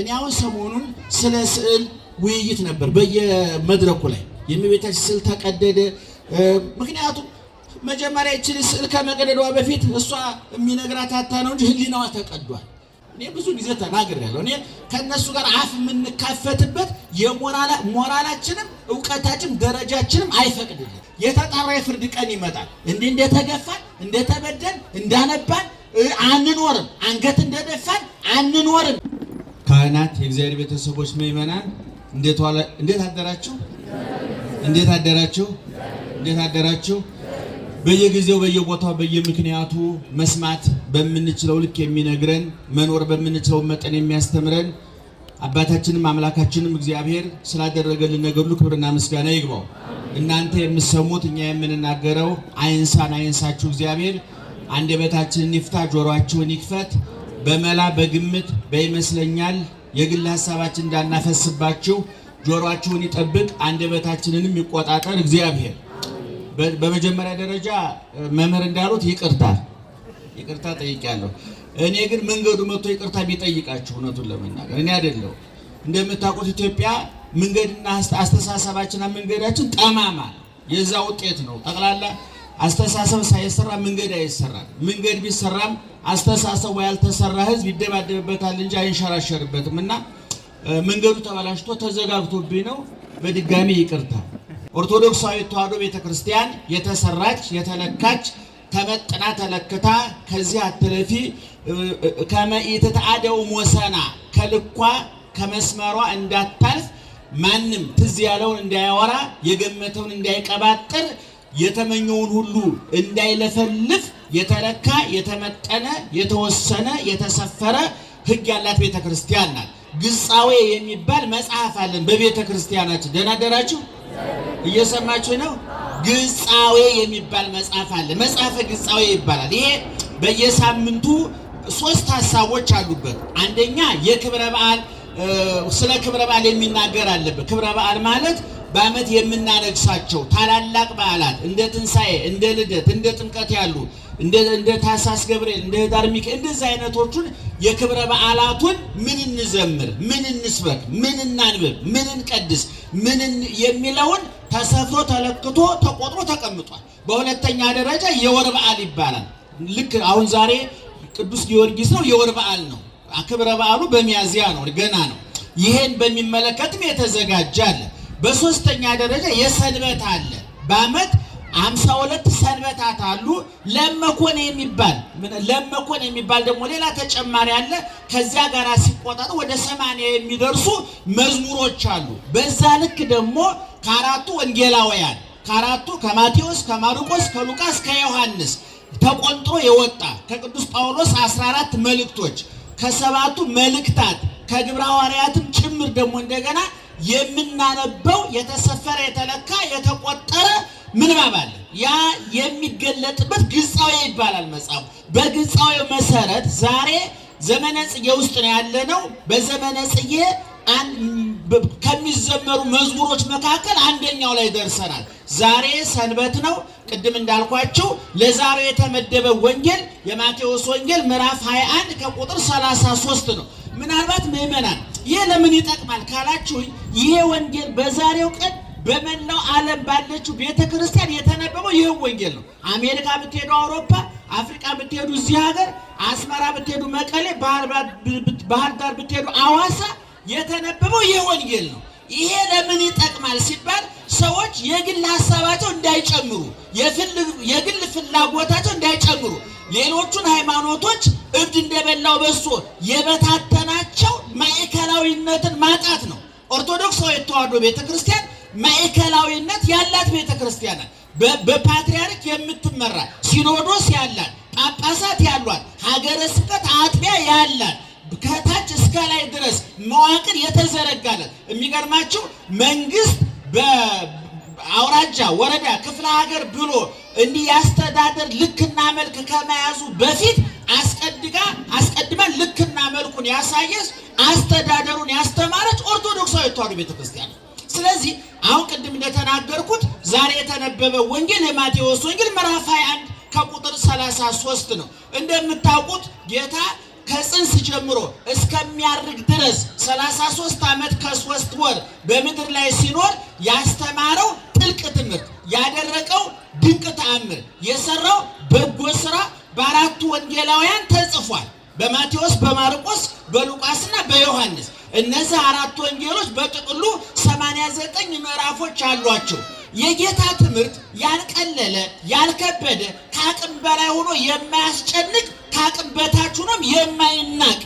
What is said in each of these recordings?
እኔ አሁን ሰሞኑን ስለ ስዕል ውይይት ነበር በየመድረኩ ላይ የእመቤታችን ስዕል ተቀደደ። ምክንያቱም መጀመሪያ ይችል ስዕል ከመቀደዷ በፊት እሷ የሚነግራት አታ ነው እንጂ ህሊናዋ ተቀዷል። እኔ ብዙ ጊዜ ተናግሬያለሁ። እኔ ከእነሱ ጋር አፍ የምንካፈትበት ሞራላችንም እውቀታችን ደረጃችንም አይፈቅድልን። የተጣራ የፍርድ ቀን ይመጣል። እንዲህ እንደተገፋን እንደተበደን እንዳነባን አንኖርም። አንገት እንደደፋን አንኖርም። ካህናት፣ የእግዚአብሔር ቤተሰቦች፣ ምእመናን እንዴት አደራችሁ? እንዴት አደራችሁ? እንዴት አደራችሁ? በየጊዜው በየቦታው በየምክንያቱ መስማት በምንችለው ልክ የሚነግረን መኖር በምንችለው መጠን የሚያስተምረን አባታችንም አምላካችንም እግዚአብሔር ስላደረገልን ነገር ሁሉ ክብርና ምስጋና ይግባው። እናንተ የምትሰሙት እኛ የምንናገረው አይንሳን፣ አይንሳችሁ። እግዚአብሔር አንደበታችንን ይፍታ፣ ጆሮአችሁን ይክፈት። በመላ በግምት በይመስለኛል የግል ሀሳባችን እንዳናፈስባችሁ ጆሮአችሁን ይጠብቅ፣ አንደበታችንንም ይቆጣጠር እግዚአብሔር። በመጀመሪያ ደረጃ መምህር እንዳሉት ይቅርታ ይቅርታ ጠይቄያለሁ። እኔ ግን መንገዱ መጥቶ ይቅርታ ቢጠይቃችሁ እውነቱን ለመናገር እኔ አይደለሁ። እንደምታውቁት ኢትዮጵያ መንገድና አስተሳሰባችንና መንገዳችን ጠማማ የዛ ውጤት ነው ጠቅላላ አስተሳሰብ ሳይሰራ መንገድ አይሰራም። መንገድ ቢሰራም አስተሳሰቡ ያልተሰራ ህዝብ ይደባደብበታል እንጂ አይንሸራሸርበትም። እና መንገዱ ተበላሽቶ ተዘጋግቶብኝ ነው። በድጋሚ ይቅርታ። ኦርቶዶክሳዊ ተዋሕዶ ቤተክርስቲያን የተሰራች የተለካች ተመጥና ተለክታ ከዚህ አትለፊ ከመኢትትአደው ሞሰና ከልኳ ከመስመሯ እንዳታልፍ ማንም ትዝ ያለውን እንዳያወራ የገመተውን እንዳይቀባጥር የተመኘውን ሁሉ እንዳይለፈልፍ የተለካ የተመጠነ የተወሰነ የተሰፈረ ህግ ያላት ቤተ ክርስቲያን ናት። ግጻዌ የሚባል መጽሐፍ አለን በቤተ ክርስቲያናችን። ደህና ደራችሁ? እየሰማችሁ ነው? ግጻዌ የሚባል መጽሐፍ አለ። መጽሐፈ ግጻዌ ይባላል። ይሄ በየሳምንቱ ሶስት ሀሳቦች አሉበት። አንደኛ የክብረ በዓል ስለ ክብረ በዓል የሚናገር አለበት። ክብረ በዓል ማለት በዓመት የምናነግሳቸው ታላላቅ በዓላት እንደ ትንሣኤ፣ እንደ ልደት፣ እንደ ጥምቀት ያሉ እንደ ታሳስ ገብርኤል፣ እንደ ህዳር ሚካኤል እንደዚህ አይነቶቹን የክብረ በዓላቱን ምን እንዘምር፣ ምን እንስበክ፣ ምን እናንብብ፣ ምን እንቀድስ፣ ምን የሚለውን ተሰፍሮ ተለክቶ ተቆጥሮ ተቀምጧል። በሁለተኛ ደረጃ የወር በዓል ይባላል። ልክ አሁን ዛሬ ቅዱስ ጊዮርጊስ ነው፣ የወር በዓል ነው። ክብረ በዓሉ በሚያዝያ ነው፣ ገና ነው። ይሄን በሚመለከትም የተዘጋጀ አለ። በሶስተኛ ደረጃ የሰንበት አለ። በአመት አምሳ ሁለት ሰንበታት አሉ። ለመኮን የሚባል ለመኮን የሚባል ደግሞ ሌላ ተጨማሪ አለ። ከዚያ ጋር ሲቆጣጠር ወደ ሰማንያ የሚደርሱ መዝሙሮች አሉ። በዛ ልክ ደግሞ ከአራቱ ወንጌላውያን ከአራቱ ከማቴዎስ፣ ከማርቆስ፣ ከሉቃስ፣ ከዮሐንስ ተቆንጥሮ የወጣ ከቅዱስ ጳውሎስ 14 መልእክቶች ከሰባቱ መልእክታት ከግብረ ሐዋርያትም ደግሞ እንደገና የምናነበው የተሰፈረ የተለካ የተቆጠረ ምንባብ አለ። ያ የሚገለጥበት ግጻዊ ይባላል መጽሐፉ። በግጻዊ መሰረት ዛሬ ዘመነ ጽጌ ውስጥ ነው ያለነው። በዘመነ ጽጌ ከሚዘመሩ መዝሙሮች መካከል አንደኛው ላይ ደርሰናል። ዛሬ ሰንበት ነው። ቅድም እንዳልኳቸው ለዛሬው የተመደበ ወንጌል የማቴዎስ ወንጌል ምዕራፍ 21 ከቁጥር 33 ነው። ምናልባት ምዕመናን ይህ ለምን ይጠቅማል ካላችሁኝ፣ ይህ ወንጌል በዛሬው ቀን በመላው ዓለም ባለችው ቤተ ክርስቲያን የተነበበው ይህ ወንጌል ነው። አሜሪካ ብትሄዱ፣ አውሮፓ፣ አፍሪካ ብትሄዱ፣ እዚህ ሀገር አስመራ ብትሄዱ፣ መቀሌ፣ ባህር ዳር ብትሄዱ፣ አዋሳ የተነበበው ይህ ወንጌል ነው። ይሄ ለምን ይጠቅማል ሲባል ሰዎች የግል ሀሳባቸው እንዳይጨምሩ፣ የግል ፍላጎታቸው እንዳይጨምሩ፣ ሌሎቹን ሃይማኖቶች እብድ እንደበላው በሶ የበታተና ማዕከላዊነትን ማጣት ነው። ኦርቶዶክስ ቤተ ቤተክርስቲያን ማዕከላዊነት ያላት ክርስቲያን በፓትሪያርክ የምትመራ ሲኖዶስ ያላት ጳጳሳት ያሏት ሀገረ ስብከት አጥቢያ ያላት ከታች እስከ ላይ ድረስ መዋቅር የተዘረጋለት። የሚገርማችሁ መንግስት በአውራጃ ወረዳ፣ ክፍለ ሀገር ብሎ እንዲህ ልክና መልክ ከመያዙ በፊት አስቀድጋ አስቀድማ ልክና መልኩን ያሳየች አስተዳደሩን ያስተማረች ኦርቶዶክሳዊ ተዋህዶ ቤተክርስቲያን። ስለዚህ አሁን ቅድም እንደተናገርኩት ዛሬ የተነበበ ወንጌል የማቴዎስ ወንጌል ምዕራፍ 21 ከቁጥር 33 ነው። እንደምታውቁት ጌታ ከጽንስ ጀምሮ እስከሚያርግ ድረስ 33 ዓመት ከሶስት ወር በምድር ላይ ሲኖር ያስተማረው ጥልቅ ትምህርት፣ ያደረቀው ድንቅ ተአምር፣ የሰራው በጎ ስራ በአራቱ ወንጌላውያን ተጽፏል። በማቴዎስ፣ በማርቆስ፣ በሉቃስና በዮሐንስ። እነዚህ አራት ወንጌሎች በጥቅሉ 89 ምዕራፎች አሏቸው። የጌታ ትምህርት ያልቀለለ ያልከበደ ከአቅም በላይ ሆኖ የማያስጨንቅ ከአቅም በታች ሆኖም የማይናቅ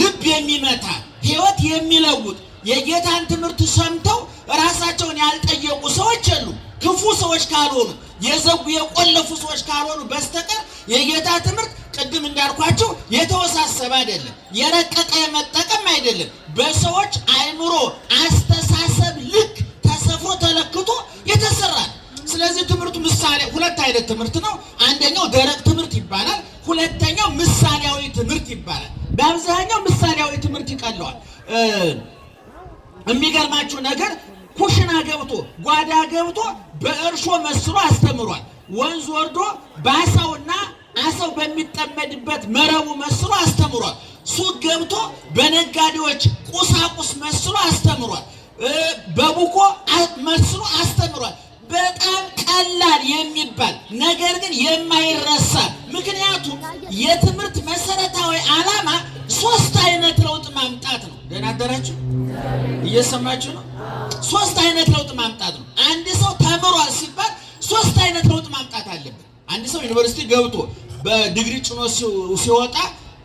ልብ የሚመታ ሕይወት የሚለውጥ የጌታን ትምህርት ሰምተው ራሳቸውን ያልጠየቁ ሰዎች የሉ ክፉ ሰዎች ካልሆኑ የዘጉ የቆለፉ ሰዎች ካልሆኑ በስተቀር የጌታ ትምህርት ቅድም እንዳልኳቸው የተወሳሰበ አይደለም፣ የረቀቀ የመጠቀም አይደለም። በሰዎች አይምሮ አስተሳሰብ ልክ ተሰፍሮ ተለክቶ የተሰራ ስለዚህ ትምህርቱ ምሳሌ ሁለት አይነት ትምህርት ነው። አንደኛው ደረቅ ትምህርት ይባላል። ሁለተኛው ምሳሌያዊ ትምህርት ይባላል። በአብዛኛው ምሳሌያዊ ትምህርት ይቀለዋል። የሚገርማችሁ ነገር ኩሽና ገብቶ ጓዳ ገብቶ በእርሾ መስሎ አስተምሯል። ወንዝ ወርዶ በአሳውና አሳው በሚጠመድበት መረቡ መስሎ አስተምሯል። ሱቅ ገብቶ በነጋዴዎች ቁሳቁስ መስሎ አስተምሯል። በቡኮ መስሎ አስተምሯል። በጣም ቀላል የሚባል ነገር ግን የማይረሳ ምክንያቱም የትምህርት መሰረታዊ ዓላማ ሶስት አይነት ለውጥ ማምጣት ነው። ደህና አደራችሁ? እየሰማችሁ ነው? ሶስት አይነት ለውጥ ማምጣት ነው። አንድ ሰው ተምሯል ሲባል ሶስት አይነት ለውጥ ማምጣት አለበት። አንድ ሰው ዩኒቨርሲቲ ገብቶ በዲግሪ ጭኖ ሲወጣ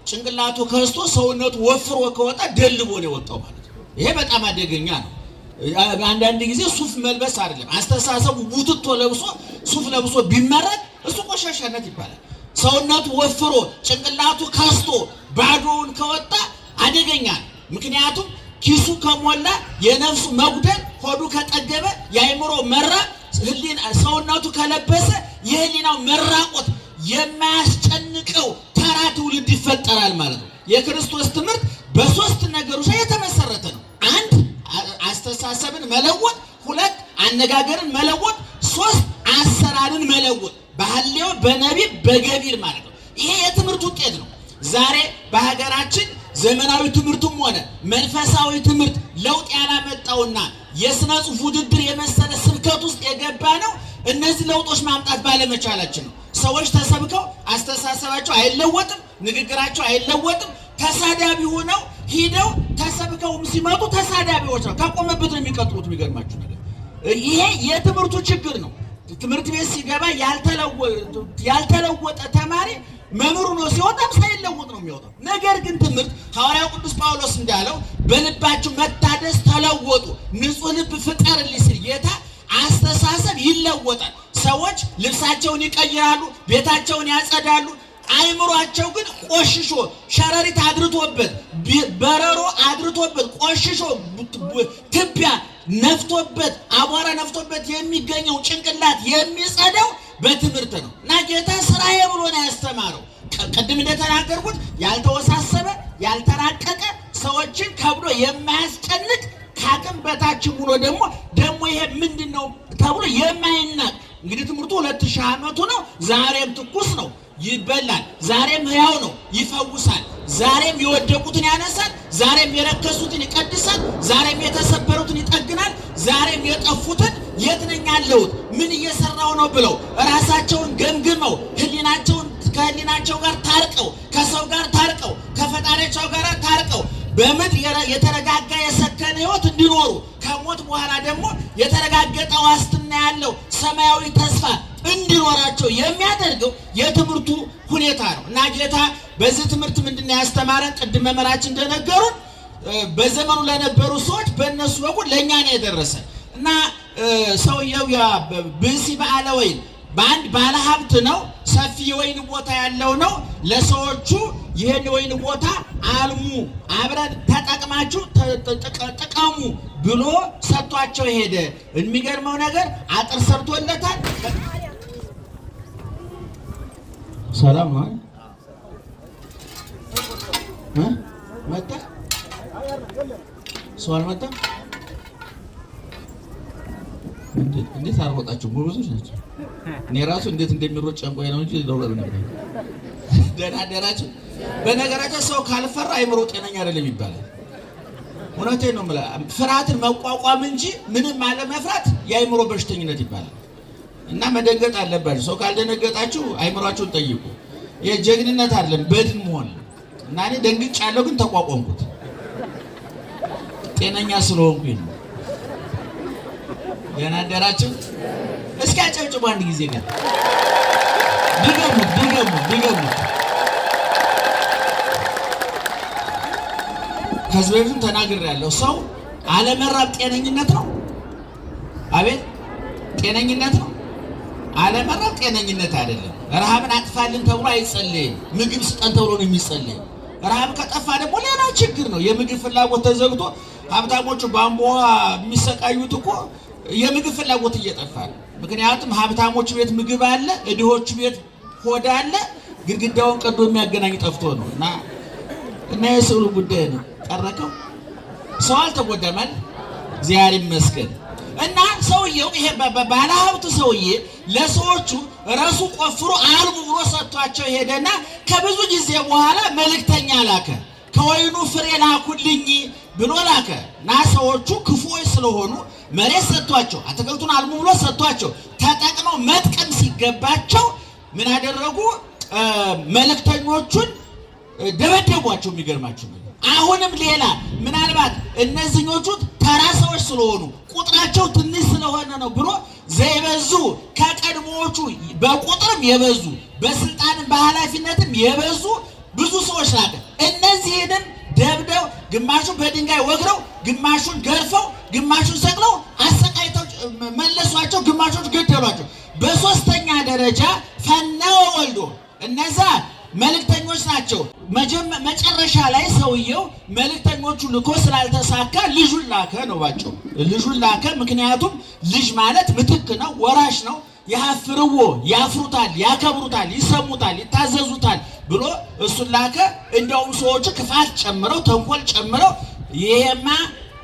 ጭንቅላቱ ከስቶ ሰውነቱ ወፍሮ ከወጣ ደልቦ ነው የወጣው ማለት ነው። ይሄ በጣም አደገኛ ነው። አንዳንድ ጊዜ ሱፍ መልበስ አይደለም አስተሳሰቡ ቡትቶ ለብሶ ሱፍ ለብሶ ቢመረጥ እሱ ቆሻሻነት ይባላል። ሰውነቱ ወፍሮ ጭንቅላቱ ከስቶ ባዶውን ከወጣ አደገኛ ነው። ምክንያቱም ኪሱ ከሞላ የነፍሱ መጉደል፣ ሆዱ ከጠገበ የአይምሮ መራብ፣ ሰውነቱ ከለበሰ የህሊናው መራቆት የማያስጨንቀው ተራ ትውልድ ይፈጠራል ማለት ነው። የክርስቶስ ትምህርት በሶስት ነገሮች ላይ የተመሰረተ ነው። አንድ አስተሳሰብን መለወጥ፣ ሁለት አነጋገርን መለወጥ፣ ሶስት አሰራርን መለወጥ በሐሌው በነቢብ በገቢር ማለት ነው። ይሄ የትምህርት ውጤት ነው። ዛሬ በሀገራችን ዘመናዊ ትምህርቱም ሆነ መንፈሳዊ ትምህርት ለውጥ ያላመጣውና የስነ ጽሁፍ ውድድር የመሰለ ስብከት ውስጥ የገባ ነው። እነዚህ ለውጦች ማምጣት ባለመቻላችን ነው። ሰዎች ተሰብከው አስተሳሰባቸው አይለወጥም፣ ንግግራቸው አይለወጥም። ተሳዳቢ ሆነው ሂደው ተሰብከውም ሲመጡ ተሳዳቢዎች ነው። ከቆመበት ነው የሚቀጥሉት። የሚገርማችሁ ነገር ይሄ የትምህርቱ ችግር ነው። ትምህርት ቤት ሲገባ ያልተለወጠ ተማሪ መኖሩ ነው ሲወጣም ሳይለውጥ ነው የሚወጣው። ነገር ግን ትምህርት ሐዋርያው ቅዱስ ጳውሎስ እንዳለው በልባቸው መታደስ ተለወጡ፣ ንጹህ ልብ ፍጠርልኝ ሲል ጌታ አስተሳሰብ ይለወጣል። ሰዎች ልብሳቸውን ይቀይራሉ፣ ቤታቸውን ያጸዳሉ። አይምሯቸው ግን ቆሽሾ ሸረሪት አድርቶበት በረሮ አድርቶበት ቆሽሾ ትቢያ ነፍቶበት አቧራ ነፍቶበት የሚገኘው ጭንቅላት የሚጸደው በትምህርት ነው እና ጌታ ስራዬ ብሎ ነው ያስተማረው። ቅድም እንደተናገርኩት ያልተወሳሰበ ያልተራቀቀ ሰዎችን ከብሎ የማያስጨንቅ ከአቅም በታች ብሎ ደግሞ ደግሞ ይሄ ምንድን ነው ተብሎ የማይናቅ እንግዲህ ትምህርቱ ሁለት ሺህ ዓመቱ ነው። ዛሬም ትኩስ ነው። ይበላል። ዛሬም ሕያው ነው፣ ይፈውሳል። ዛሬም የወደቁትን ያነሳል። ዛሬም የረከሱትን ይቀድሳል። ዛሬም የተሰበሩትን ይጠግናል። ዛሬም የጠፉትን የት ነኝ ያለሁት ምን እየሰራው ነው ብለው ራሳቸውን ገምግመው ህሊናቸውን ከህሊናቸው ጋር ታርቀው ከሰው ጋር ታርቀው ከፈጣሪያቸው ጋር ታርቀው በምድር የተረጋጋ የሰከነ ህይወት እንዲኖሩ ከሞት በኋላ ደግሞ የተረጋገጠ ዋስትና ያለው ሰማያዊ ተስፋ እንዲኖራቸው የሚያደርገው የትምህርቱ ሁኔታ ነው እና ጌታ በዚህ ትምህርት ምንድን ነው ያስተማረን? ቅድም መምህራችን እንደነገሩን በዘመኑ ለነበሩ ሰዎች በእነሱ በኩል ለእኛ ነው የደረሰ እና ሰውየው ብእሲ በዓለ ወይን በአንድ ባለ ሀብት ነው። ሰፊ የወይን ቦታ ያለው ነው። ለሰዎቹ ይህን ወይን ቦታ አልሙ፣ አብረን ተጠቅማችሁ ጥቀሙ ብሎ ሰጥቷቸው ሄደ። የሚገርመው ነገር አጥር ሰርቶለታል። ሰላም ነው። መጣ ሰው አልመጣም። እንዴት አልሮጣችሁም? ጎበዞች ናቸው። እኔ ራሱ እንዴት እንደሚሮጥ ጨንቆኝ ነው እንጂ ደውለል ነበር። ደህና አደራችሁ። በነገራችን ሰው ካልፈራ አይምሮ ጤነኛ አይደለም ይባላል። እውነቴን ነው የምልህ። ፍርሃትን መቋቋም እንጂ ምንም አለመፍራት የአይምሮ በሽተኝነት ይባላል። እና መደንገጥ አለባችሁ። ሰው ካልደነገጣችሁ አይምሯችሁን ጠይቁ። የጀግንነት አይደለም በድን መሆን እና እኔ ደንግጫለሁ፣ ግን ተቋቋምኩት ጤነኛ ስለሆንኩኝ ነው። ገና አደራችሁ። እስኪ አጨብጭቡ አንድ ጊዜ ጋር ቢገሙት ቢገሙት ቢገሙት። ከዚህ በፊትም ተናግሬያለሁ። ሰው አለመራብ ጤነኝነት ነው። አቤት ጤነኝነት ነው። አለመራብ ጤነኝነት አይደለም። ረሃብን አጥፋልን ተብሎ አይጸለይም። ምግብ ስጠን ተብሎ ነው የሚጸለይ። ረሃብ ከጠፋ ደግሞ ሌላ ችግር ነው። የምግብ ፍላጎት ተዘግቶ ሀብታሞቹ ባምቦ የሚሰቃዩት እኮ የምግብ ፍላጎት እየጠፋ ነው። ምክንያቱም ሀብታሞቹ ቤት ምግብ አለ፣ እድሆቹ ቤት ሆድ አለ። ግድግዳውን ቀዶ የሚያገናኝ ጠፍቶ ነው እና እና የስዕሉ ጉዳይ ነው። ቀረከው ሰው አልተጎዳም፣ እግዚአብሔር ይመስገን እና ሰውየው ይሄ ባለሀብቱ ሰውዬ ለሰዎቹ እረሱ ቆፍሮ አልሙ ብሎ ሰጥቷቸው ሄደና ከብዙ ጊዜ በኋላ መልእክተኛ ላከ። ከወይኑ ፍሬ ላኩልኝ ብሎ ላከ እና ሰዎቹ ክፉዎች ስለሆኑ መሬት ሰጥቷቸው አትክልቱን አልሙ ብሎ ሰጥቷቸው ተጠቅመው መጥቀም ሲገባቸው ምን አደረጉ? መልእክተኞቹን ደበደቧቸው። የሚገርማችሁ አሁንም ሌላ ምናልባት እነዚህኞቹ ተራ ሰዎች ስለሆኑ ቁጥራቸው ትንሽ ስለሆነ ነው ብሎ ዘይበዙ ከቀድሞዎቹ በቁጥርም የበዙ በስልጣንም በኃላፊነትም የበዙ ብዙ ሰዎች ላከ። እነዚህንም ደብደው ግማሹን በድንጋይ ወግረው፣ ግማሹን ገርፈው፣ ግማሹን ሰቅለው አሰቃይተው መለሷቸው፣ ግማሾች ገደሏቸው። በሶስተኛ ደረጃ ፈነወ ወልዶ እነዛ መልእክተኞች ናቸው። መጨረሻ ላይ ሰውየው መልእክተኞቹ ልኮ ስላልተሳካ ልጁን ላከ ነው ባቸው። ልጁን ላከ። ምክንያቱም ልጅ ማለት ምትክ ነው፣ ወራሽ ነው። ያፍርዎ ያፍሩታል፣ ያከብሩታል፣ ይሰሙታል፣ ይታዘዙታል ብሎ እሱን ላከ። እንደውም ሰዎቹ ክፋት ጨምረው ተንኮል ጨምረው ይሄማ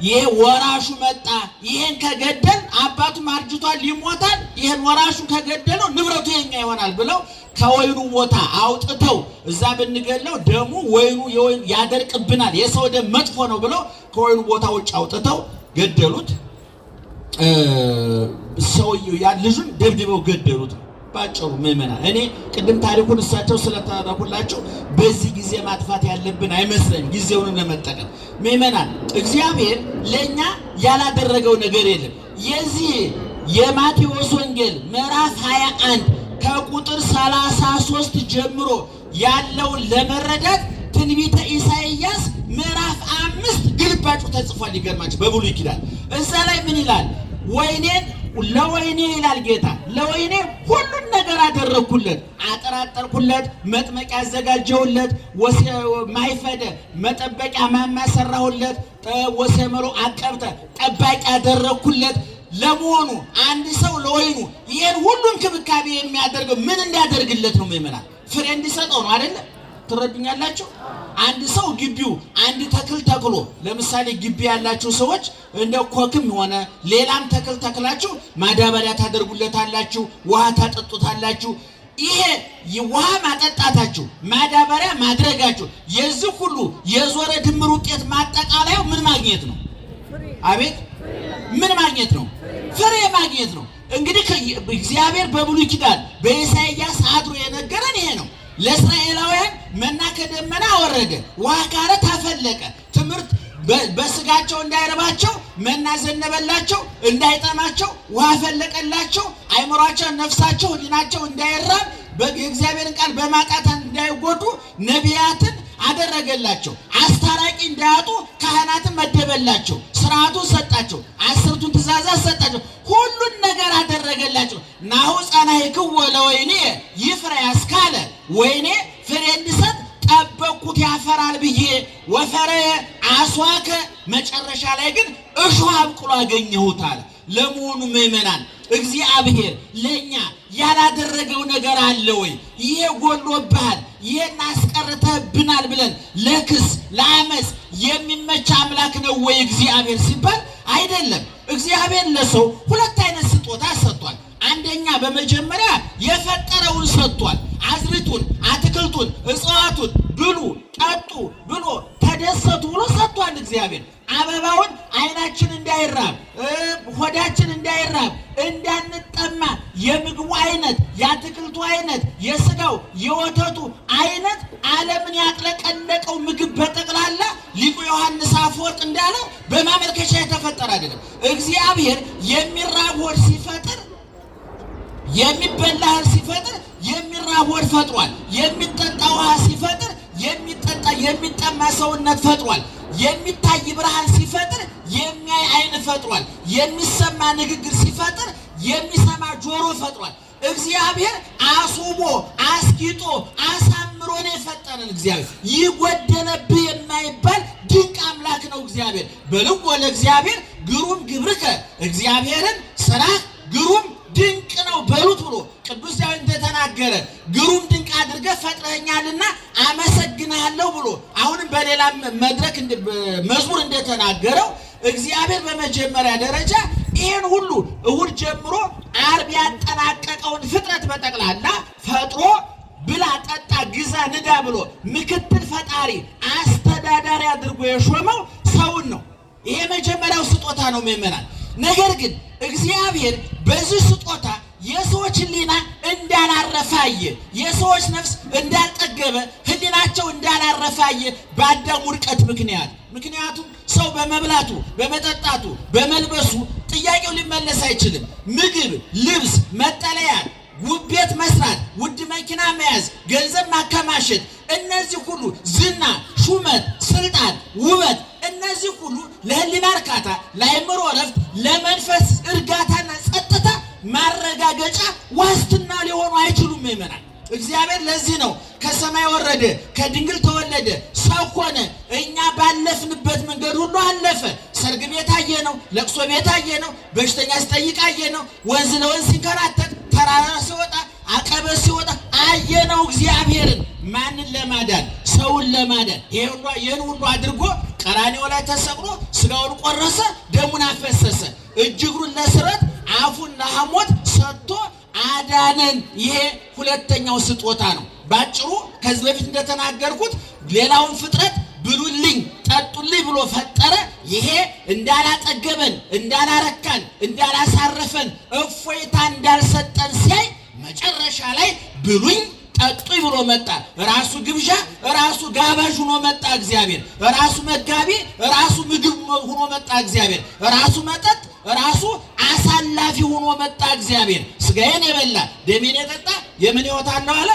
ይሄ ወራሹ መጣ፣ ይሄን ከገደል አባቱም አርጅቷል፣ ይሞታል፣ ይሄን ወራሹ ከገደለው ንብረቱ የኛ ይሆናል ብለው ከወይኑ ቦታ አውጥተው እዛ ብንገለው ደሙ ወይኑ ያደርቅብናል፣ የሰው ደም መጥፎ ነው ብሎ ከወይኑ ቦታ ውጭ አውጥተው ገደሉት። ሰውየው ያ ልጁን ደብድበው ገደሉት። ባጭሩ ምዕመናን፣ እኔ ቅድም ታሪኩን እሳቸው ስለተረኩላቸው በዚህ ጊዜ ማጥፋት ያለብን አይመስለኝ፣ ጊዜውንም ለመጠቀም ምዕመናን። እግዚአብሔር ለእኛ ያላደረገው ነገር የለም። የዚህ የማቴዎስ ወንጌል ምዕራፍ 21 ከቁጥር 33 ጀምሮ ያለውን ለመረዳት ትንቢተ ኢሳይያስ ምዕራፍ አምስት ግልባጩ ተጽፏል። ሊገርማችሁ በብሉ ኪዳን እዛ ላይ ምን ይላል? ወይኔን ለወይኔ ይላል ጌታ ለወይኔ ሁሉን ነገር አደረግኩለት፣ አጠራጠርኩለት፣ መጥመቂያ አዘጋጀሁለት፣ ማይፈደ መጠበቂያ ማማ ሰራሁለት፣ ወሰመሮ አቀብተ ጠባቂ አደረግኩለት ለመሆኑ አንድ ሰው ለወይኑ ይሄን ሁሉ እንክብካቤ የሚያደርገው ምን እንዲያደርግለት ነው? ምእመናን ፍሬ እንዲሰጠው ነው አይደለ? ትረዱኛላችሁ? አንድ ሰው ግቢው አንድ ተክል ተክሎ ለምሳሌ ግቢ ያላችሁ ሰዎች እንደ ኮክም ሆነ ሌላም ተክል ተክላችሁ ማዳበሪያ ታደርጉለታላችሁ፣ ውሃ ታጠጡታላችሁ። ይሄ ውሃ ማጠጣታችሁ፣ ማዳበሪያ ማድረጋችሁ የዚህ ሁሉ የዞረ ድምር ውጤት ማጠቃለያው ምን ማግኘት ነው? አቤት ምን ማግኘት ነው? ፍሬ ማግኘት ነው። እንግዲህ እግዚአብሔር በብሉይ ኪዳን በኢሳይያስ አድሮ የነገረን ይሄ ነው። ለእስራኤላውያን መና ከደመና አወረደ፣ ውሃ ከዓለት አፈለቀ። ትምህርት በስጋቸው እንዳይረባቸው መና ዘነበላቸው፣ እንዳይጠማቸው ውሃ ፈለቀላቸው። አይምሯቸው፣ ነፍሳቸው፣ ሕሊናቸው እንዳይራብ የእግዚአብሔርን ቃል በማጣት እንዳይጎዱ ነቢያትን አደረገላቸው። አስታራቂ እንዳያጡ ካህናትን መደበላቸው፣ ስርዓቱን ሰጣቸው፣ አስርቱን ትእዛዛት ሰጣቸው፣ ሁሉን ነገር አደረገላቸው። ናሁ ጸናሕክዎ ለወይኔ ይፍረ ያስካለ ወይኔ ፍሬ እንዲሰጥ ጠበቅኩት ያፈራል ብዬ ወፈረየ አስዋከ መጨረሻ ላይ ግን እሾህ አብቅሎ አገኘሁት አለ። ለመሆኑ ምእመናን እግዚአብሔር ለእኛ ያላደረገው ነገር አለ ወይ? ይሄ ጎሎብሃል፣ ይሄን አስቀርተህብናል ብለን ለክስ ለአመፅ የሚመች አምላክ ነው ወይ እግዚአብሔር ሲባል አይደለም። እግዚአብሔር ለሰው ሁለት አይነት ስጦታ ሰጥቷል። አንደኛ በመጀመሪያ የፈጠረውን ሰጥቷል። አዝርቱን፣ አትክልቱን፣ እጽዋቱን ብሉ ጠጡ ብሎ ተደሰቱ ብሎ ሰጥቷል እግዚአብሔር አበባውን አይናችን እንዳይራብ ሆዳችን እንዳይራብ እንዳንጠማ የምግቡ አይነት፣ የአትክልቱ አይነት፣ የስጋው የወተቱ አይነት ዓለምን ያጥለቀለቀው ምግብ በጠቅላላ ሊቁ ዮሐንስ አፈወርቅ እንዳለው በማመልከቻ የተፈጠረ አይደለም። እግዚአብሔር የሚራብ ሆድ ሲፈጥር የሚበላ ሲፈጥር የሚራብ ሆድ ፈጥሯል። የሚጠጣ ውሃ ሲፈጥር የሚጠጣ የሚጠማ ሰውነት ፈጥሯል። የሚታይ ብርሃን ሲፈጥር የሚያይ አይን ፈጥሯል። የሚሰማ ንግግር ሲፈጥር የሚሰማ ጆሮ ፈጥሯል። እግዚአብሔር አስውቦ አስጊጦ አሳምሮ ነው የፈጠረን። እግዚአብሔር ይጎደለብህ የማይባል ድንቅ አምላክ ነው እግዚአብሔር። በልቆ ለእግዚአብሔር ግሩም ግብርከ እግዚአብሔርን ስራ ግሩም ድንቅ ነው በሉት ብሎ ቅዱስ ዳዊት እንደተናገረ ግሩም ድንቅ አድርገህ ፈጥረኸኛልና አመሰግንሃለሁ ብሎ አሁንም በሌላ መድረክ መዝሙር እንደተናገረው እግዚአብሔር በመጀመሪያ ደረጃ ይህን ሁሉ እሑድ ጀምሮ አርብ ያጠናቀቀውን ፍጥረት በጠቅላላ ፈጥሮ ብላ፣ ጠጣ፣ ግዛ፣ ንዳ ብሎ ምክትል ፈጣሪ አስተዳዳሪ አድርጎ የሾመው ሰውን ነው። ይሄ መጀመሪያው ስጦታ ነው ምእመናን ነገር ግን እግዚአብሔር በዚህ ስጦታ የሰዎች ሊና እንዳላረፋየ የሰዎች ነፍስ እንዳልጠገበ ህሊናቸው እንዳላረፋየ በአዳም ውድቀት ምክንያት ምክንያቱም ሰው በመብላቱ በመጠጣቱ በመልበሱ ጥያቄው ሊመለስ አይችልም። ምግብ፣ ልብስ፣ መጠለያ ውብ ቤት መስራት፣ ውድ መኪና መያዝ፣ ገንዘብ ማከማሸት፣ እነዚህ ሁሉ ዝና፣ ሹመት፣ ስልጣን፣ ውበት፣ እነዚህ ሁሉ ለህሊና እርካታ፣ ለአእምሮ እረፍት፣ ለመንፈስ እርጋታና ጸጥታ ማረጋገጫ ዋስትና ሊሆኑ አይችሉም። ይመናል እግዚአብሔር ለዚህ ነው ከሰማይ ወረደ፣ ከድንግል ተወለደ፣ ሰው ሆነ። እኛ ባለፍንበት መንገድ ሁሉ አለፈ። ሰርግ ቤት አየ ነው፣ ለቅሶ ቤት አየ ነው፣ በሽተኛ ሲጠይቅ አየ ነው፣ ወንዝ ለወንዝ ሲንከራተት ተራራ ሲወጣ አቀበት ሲወጣ አየነው እግዚአብሔርን። ማንን ለማዳን? ሰውን ለማዳን። ይህን ሁሉ አድርጎ ቀራንዮ ላይ ተሰቅሎ ስጋውን ቆረሰ፣ ደሙን አፈሰሰ፣ እጅ እግሩን ለስረት አፉን ለሐሞት ሰጥቶ አዳነን። ይሄ ሁለተኛው ስጦታ ነው። ባጭሩ ከዚህ በፊት እንደተናገርኩት ሌላውን ፍጥረት ብሉልኝ ጠጡልኝ ብሎ ፈጠረ። ይሄ እንዳላጠገበን፣ እንዳላረካን፣ እንዳላሳረፈን እፎይታ እንዳልሰጠን ሲያይ መጨረሻ ላይ ብሉኝ ጠጡኝ ብሎ መጣ። ራሱ ግብዣ ራሱ ጋባዥ ሆኖ መጣ እግዚአብሔር። ራሱ መጋቢ ራሱ ምግብ ሆኖ መጣ እግዚአብሔር። ራሱ መጠጥ ራሱ አሳላፊ ሆኖ መጣ እግዚአብሔር። ስጋዬን የበላ ደሜን የጠጣ የምን ሕይወት አለው አለ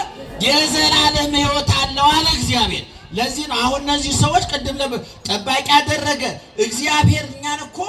የዘላለም ሕይወት አለው አለ እግዚአብሔር። ለዚህ ነው አሁን እነዚህ ሰዎች ቅድም ጠባቂ ያደረገ እግዚአብሔር እኛን እኮ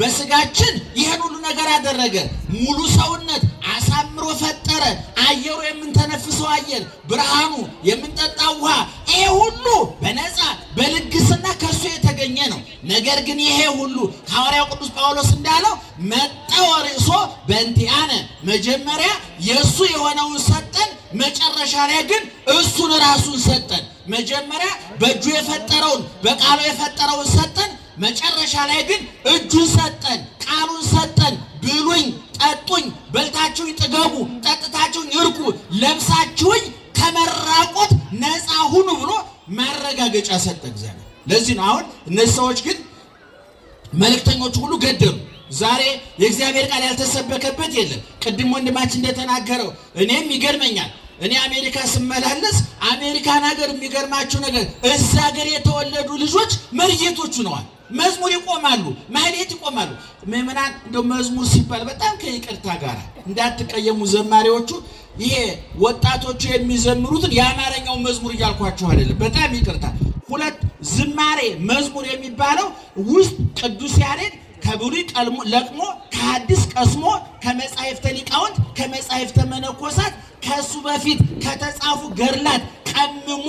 በስጋችን ይህን ሁሉ ነገር አደረገ። ሙሉ ሰውነት አሳምሮ ፈጠረ። አየሩ የምንተነፍሰው አየር፣ ብርሃኑ፣ የምንጠጣው ውሃ፣ ይሄ ሁሉ በነፃ በልግስና ከሱ የተገኘ ነው። ነገር ግን ይሄ ሁሉ ሐዋርያው ቅዱስ ጳውሎስ እንዳለው መጠወ ርእሶ በእንቲአነ መጀመሪያ የእሱ የሆነውን ሰጠን መጨረሻ ላይ ግን እሱን ራሱን ሰጠን። መጀመሪያ በእጁ የፈጠረውን በቃሉ የፈጠረውን ሰጠን። መጨረሻ ላይ ግን እጁን ሰጠን፣ ቃሉን ሰጠን። ብሉኝ፣ ጠጡኝ፣ በልታችሁኝ ጥገቡ፣ ጠጥታችሁኝ እርቁ፣ ለብሳችሁኝ ከመራቆት ነፃ ሁኑ ብሎ ማረጋገጫ ሰጠ እግዚአብሔር። ለዚህ ነው አሁን እነዚህ ሰዎች ግን መልእክተኞቹ ሁሉ ገደሉ። ዛሬ የእግዚአብሔር ቃል ያልተሰበከበት የለም። ቅድም ወንድማችን እንደተናገረው እኔም ይገርመኛል እኔ አሜሪካ ስመላለስ አሜሪካን ሀገር የሚገርማችሁ ነገር እዛ ሀገር የተወለዱ ልጆች መርጌቶቹ ነዋል። መዝሙር ይቆማሉ፣ ማህሌት ይቆማሉ። ምዕመናን እንደ መዝሙር ሲባል በጣም ከይቅርታ ጋር እንዳትቀየሙ ዘማሪዎቹ ይሄ ወጣቶቹ የሚዘምሩትን የአማርኛው መዝሙር እያልኳቸው አይደለም። በጣም ይቅርታ። ሁለት ዝማሬ መዝሙር የሚባለው ውስጥ ቅዱስ ያሬድ ከብሉይ ለቅሞ ከአዲስ ቀስሞ ከመጻሕፍተ ሊቃውንት ከመጻሕፍተ መነኮሳት ከእሱ በፊት ከተጻፉ ገድላት ቀምሞ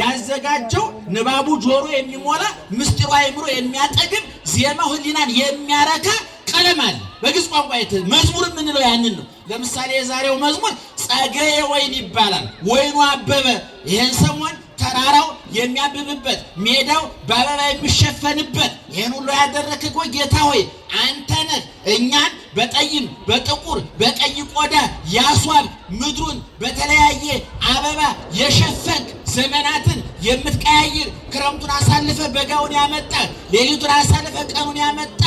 ያዘጋጀው ንባቡ ጆሮ የሚሞላ ምስጢሩ አይምሮ የሚያጠግብ ዜማው ሕሊናን የሚያረካ ቀለም አለ። በግዕዝ ቋንቋ መዝሙር የምንለው ያንን ነው። ለምሳሌ የዛሬው መዝሙር ጸገየ ወይን ይባላል። ወይኑ አበበ ይህን ሰሞን ተራራው የሚያብብበት ሜዳው በአበባ የሚሸፈንበት ይህን ሁሉ ያደረክ እኮ ጌታ ሆይ አንተ ነህ። እኛን በጠይም በጥቁር በቀይ ቆዳ ያሷብ ምድሩን በተለያየ አበባ የሸፈንክ ዘመናትን የምትቀያይር ክረምቱን አሳልፈ በጋውን ያመጣ ሌሊቱን አሳልፈ ቀኑን ያመጣ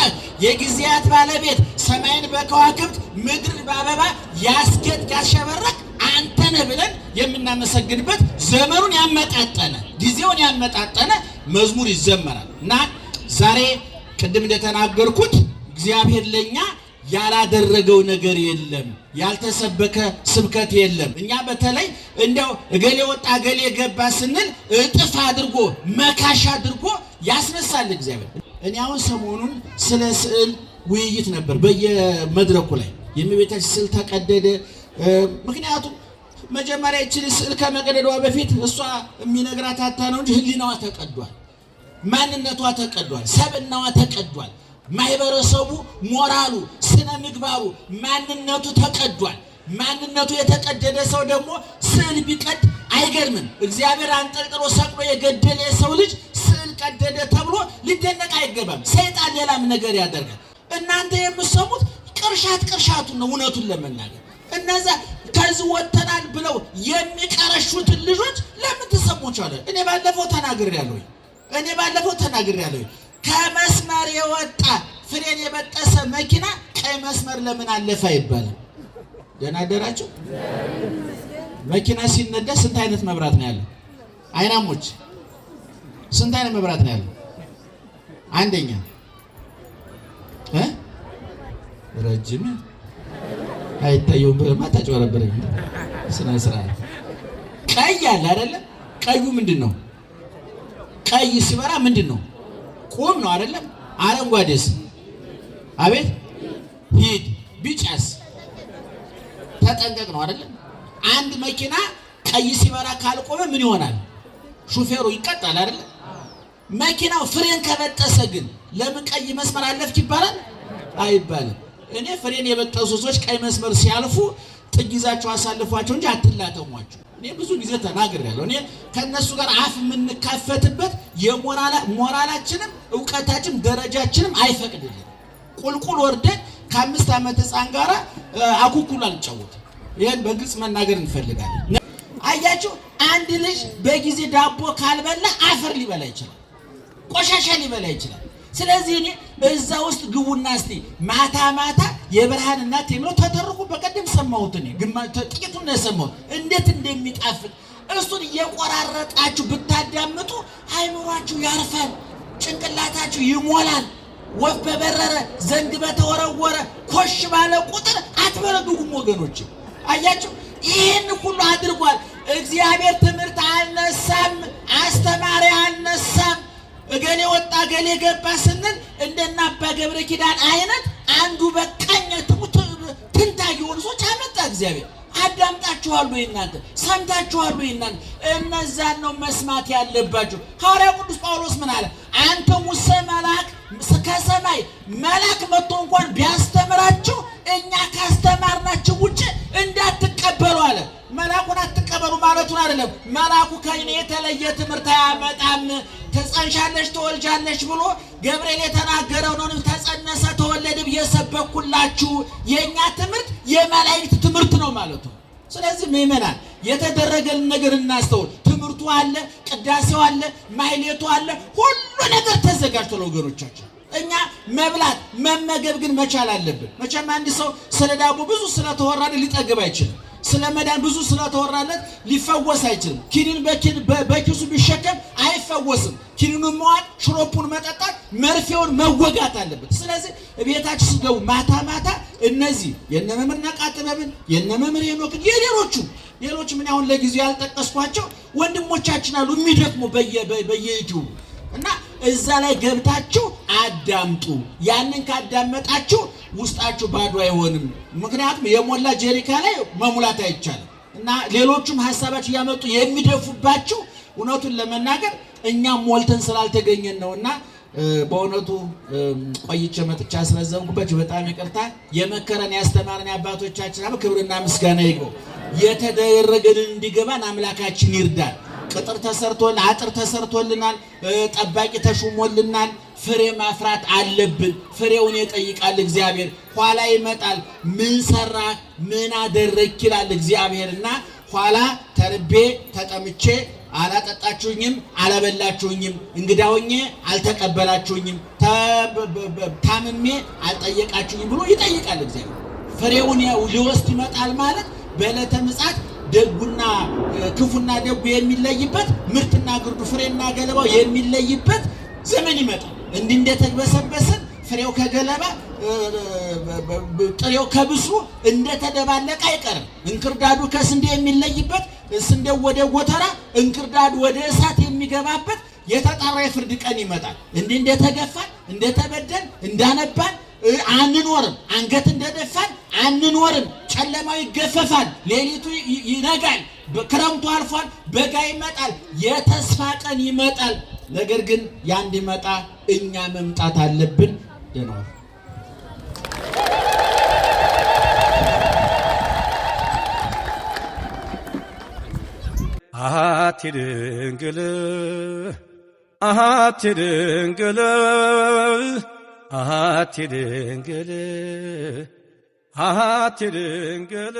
የጊዜያት ባለቤት ሰማይን በከዋክብት ምድርን በአበባ ያስጌጥ ያሸበረቅ አዳነ ብለን የምናመሰግንበት ዘመኑን ያመጣጠነ ጊዜውን ያመጣጠነ መዝሙር ይዘመራል እና ዛሬ ቅድም እንደተናገርኩት እግዚአብሔር ለእኛ ያላደረገው ነገር የለም። ያልተሰበከ ስብከት የለም። እኛ በተለይ እንደው እገሌ ወጣ እገሌ ገባ ስንል እጥፍ አድርጎ መካሽ አድርጎ ያስነሳል እግዚአብሔር። እኔ አሁን ሰሞኑን ስለ ስዕል ውይይት ነበር በየመድረኩ ላይ የሚቤታች ስዕል ተቀደደ። ምክንያቱም መጀመሪያ ይችል ስዕል ከመቀደዷ በፊት እሷ የሚነግራት አታ ነው እንጂ ህሊናዋ ተቀዷል፣ ማንነቷ ተቀዷል፣ ሰብናዋ ተቀዷል። ማህበረሰቡ ሞራሉ፣ ስነ ምግባሩ፣ ማንነቱ ተቀዷል። ማንነቱ የተቀደደ ሰው ደግሞ ስዕል ቢቀድ አይገርምም። እግዚአብሔር አንጠልጥሎ ሰቅሎ የገደለ የሰው ልጅ ስዕል ቀደደ ተብሎ ሊደነቅ አይገባም። ሰይጣን ሌላም ነገር ያደርጋል። እናንተ የምትሰሙት ቅርሻት ቅርሻቱን ነው እውነቱን ለመናገር እነዛ ከዚህ ወጥተናል ብለው የሚቀረሹትን ልጆች ለምን ትሰሙቻለ? እኔ ባለፈው ያለው እኔ ባለፈው ተናግሬያለሁ። ከመስመር የወጣ ፍሬን የበጠሰ መኪና ቀይ መስመር ለምን አለፈ አይባልም። ደህና አደራችሁ። መኪና ሲነዳ ስንት አይነት መብራት ነው ያለው? አይናሞች ስንት አይነት መብራት ነው ያለው? አንደኛ ረጅም አይታየውም ብለህማ ታጭበረበረኝ። ስነ ስርዓት ቀይ አለ አይደለ? ቀዩ ምንድን ነው? ቀይ ሲበራ ምንድን ነው? ቁም ነው አይደለም? አረንጓዴስ? አቤት ሂድ። ቢጫስ? ተጠንቀቅ ነው አይደለም? አንድ መኪና ቀይ ሲበራ ካልቆመ ምን ይሆናል? ሹፌሩ ይቀጣል አይደለም? መኪናው ፍሬን ከበጠሰ ግን ለምን ቀይ መስመር አለፍክ ይባላል? አይባልም። እኔ ፍሬን የበጠሱ ሰዎች ቀይ መስመር ሲያልፉ ጥጊዛቸው አሳልፏቸው እንጂ አትላተሟቸው። እኔ ብዙ ጊዜ ተናግሬያለሁ። እኔ ከእነሱ ጋር አፍ የምንካፈትበት ሞራላችንም እውቀታችን ደረጃችንም አይፈቅድልን። ቁልቁል ወርደን ከአምስት ዓመት ሕፃን ጋር አኩኩሉ አልጫወት። ይህን በግልጽ መናገር እንፈልጋለን። አያችሁ፣ አንድ ልጅ በጊዜ ዳቦ ካልበላ አፈር ሊበላ ይችላል፣ ቆሻሻ ሊበላ ይችላል። ስለዚህ እኔ በዛ ውስጥ ግቡና እስቲ ማታ ማታ የብርሃን እናት የሚለው ተተርኩ በቀደም ሰማሁት። እኔ ጥቂቱን ነው የሰማሁት፣ እንዴት እንደሚጣፍጥ እሱን እየቆራረጣችሁ ብታዳምጡ አይምሯችሁ ያርፋል፣ ጭንቅላታችሁ ይሞላል። ወፍ በበረረ ዘንግ በተወረወረ ኮሽ ባለ ቁጥር አትበረግጉም ወገኖች። አያችሁ፣ ይህን ሁሉ አድርጓል እግዚአብሔር። ትምህርት አልነሳም፣ አስተማሪ አልነሳም። እገሌ ወጣ እገሌ ገባ ስንል እንደና አባ ገብረ ኪዳን አይነት አንዱ በቃኝ ትሙት ትንታ የሆኑ ሰዎች አመጣ። እግዚአብሔር አዳምጣችኋሉ፣ ይናንተ ሰምታችኋሉ። ይናንተ እነዛን ነው መስማት ያለባችሁ። ሐዋርያ ቅዱስ ጳውሎስ ምን አለ? አንተ ሙሴ መልአክ ከሰማይ መልአክ መጥቶ እንኳን ቢያስተምራችሁ እኛ ካስተማርናችሁ ውጭ እንዳትቀበሉ አለ። መልአኩን አትቀበሉ ማለቱን አይደለም። መልአኩ ከእኔ የተለየ ትምህርት አያመጣም ተጸንሻለሽ ተወልጃለሽ ብሎ ገብርኤል የተናገረው ነው። ተጸነሰ ተወለደ የሰበኩላችሁ የእኛ ትምህርት የመላእክት ትምህርት ነው ማለት ነው። ስለዚህ ምእመናን የተደረገልን ነገር እናስተውል። ትምህርቱ አለ፣ ቅዳሴው አለ፣ ማይሌቱ አለ፣ ሁሉ ነገር ተዘጋጅቶ ለወገኖቻችን እኛ መብላት መመገብ ግን መቻል አለብን። መቼም አንድ ሰው ስለ ዳቦ ብዙ ስለተወራለት ሊጠግብ አይችልም። ስለ መዳን ብዙ ስለተወራለት ሊፈወስ አይችልም። ኪኒን በኪሱ ቢሸከም አይፈወስም። ኪኒኑን መዋጥ፣ ሽሮፑን መጠጣት፣ መርፌውን መወጋት አለበት። ስለዚህ እቤታችሁ ስገቡ ማታ ማታ እነዚህ የነ መምህር ነቃ ጥበብን የነ መምህር የኖክን የሌሎቹ ሌሎች ምን አሁን ለጊዜው ያልጠቀስኳቸው ወንድሞቻችን አሉ የሚደክሙ በየዩቲዩቡ እና እዛ ላይ ገብታችሁ አዳምጡ። ያንን ካዳመጣችሁ ውስጣችሁ ባዶ አይሆንም። ምክንያቱም የሞላ ጀሪካ ላይ መሙላት አይቻልም እና ሌሎቹም ሀሳባችሁ እያመጡ የሚደፉባችሁ እውነቱን ለመናገር እኛም ሞልተን ስላልተገኘን ነው እና በእውነቱ ቆይቼ መጥቻ ስለዘንኩበት በጣም ይቅርታ። የመከረን ያስተማረን አባቶቻችን አብ ክብርና ምስጋና ይግባው። የተደረገልን እንዲገባን አምላካችን ይርዳል። ቅጥር ተሰርቶል፣ አጥር ተሰርቶልናል፣ ጠባቂ ተሹሞልናል። ፍሬ ማፍራት አለብን። ፍሬውን ይጠይቃል እግዚአብሔር። ኋላ ይመጣል። ምን ሰራ ምን አደረግ ይላል እግዚአብሔርና ኋላ ተርቤ ተጠምቼ አላጠጣችሁኝም፣ አላበላችሁኝም፣ እንግዳ አልተቀበላችሁኝም፣ ታምሜ አልጠየቃችሁኝም ብሎ ይጠይቃል። እግዚአብሔር ፍሬውን ሊወስድ ይመጣል ማለት በዕለተ ምጽአት ደጉና ክፉና ደጉ የሚለይበት ምርትና ግርዱ ፍሬና ገለባው የሚለይበት ዘመን ይመጣል። እንዲህ እንደተግበሰበስን ፍሬው ከገለባ ጥሬው ከብሱ እንደተደባለቀ አይቀርም። እንክርዳዱ ከስንዴ የሚለይበት፣ ስንዴው ወደ ጎተራ፣ እንክርዳዱ ወደ እሳት የሚገባበት የተጣራ የፍርድ ቀን ይመጣል። እንዲህ እንደተገፋን፣ እንደተበደን፣ እንዳነባን አንኖርም። አንገት እንደደፋን አንኖርም። ጨለማው ይገፈፋል፣ ሌሊቱ ይነጋል። ክረምቱ አልፏል፣ በጋ ይመጣል። የተስፋ ቀን ይመጣል። ነገር ግን ያን እንዲመጣ እኛ መምጣት አለብን። ደህና አሃቲ ድንግል አሃቲ ድንግል አሃቲ ድንግል አሃቲ ድንግል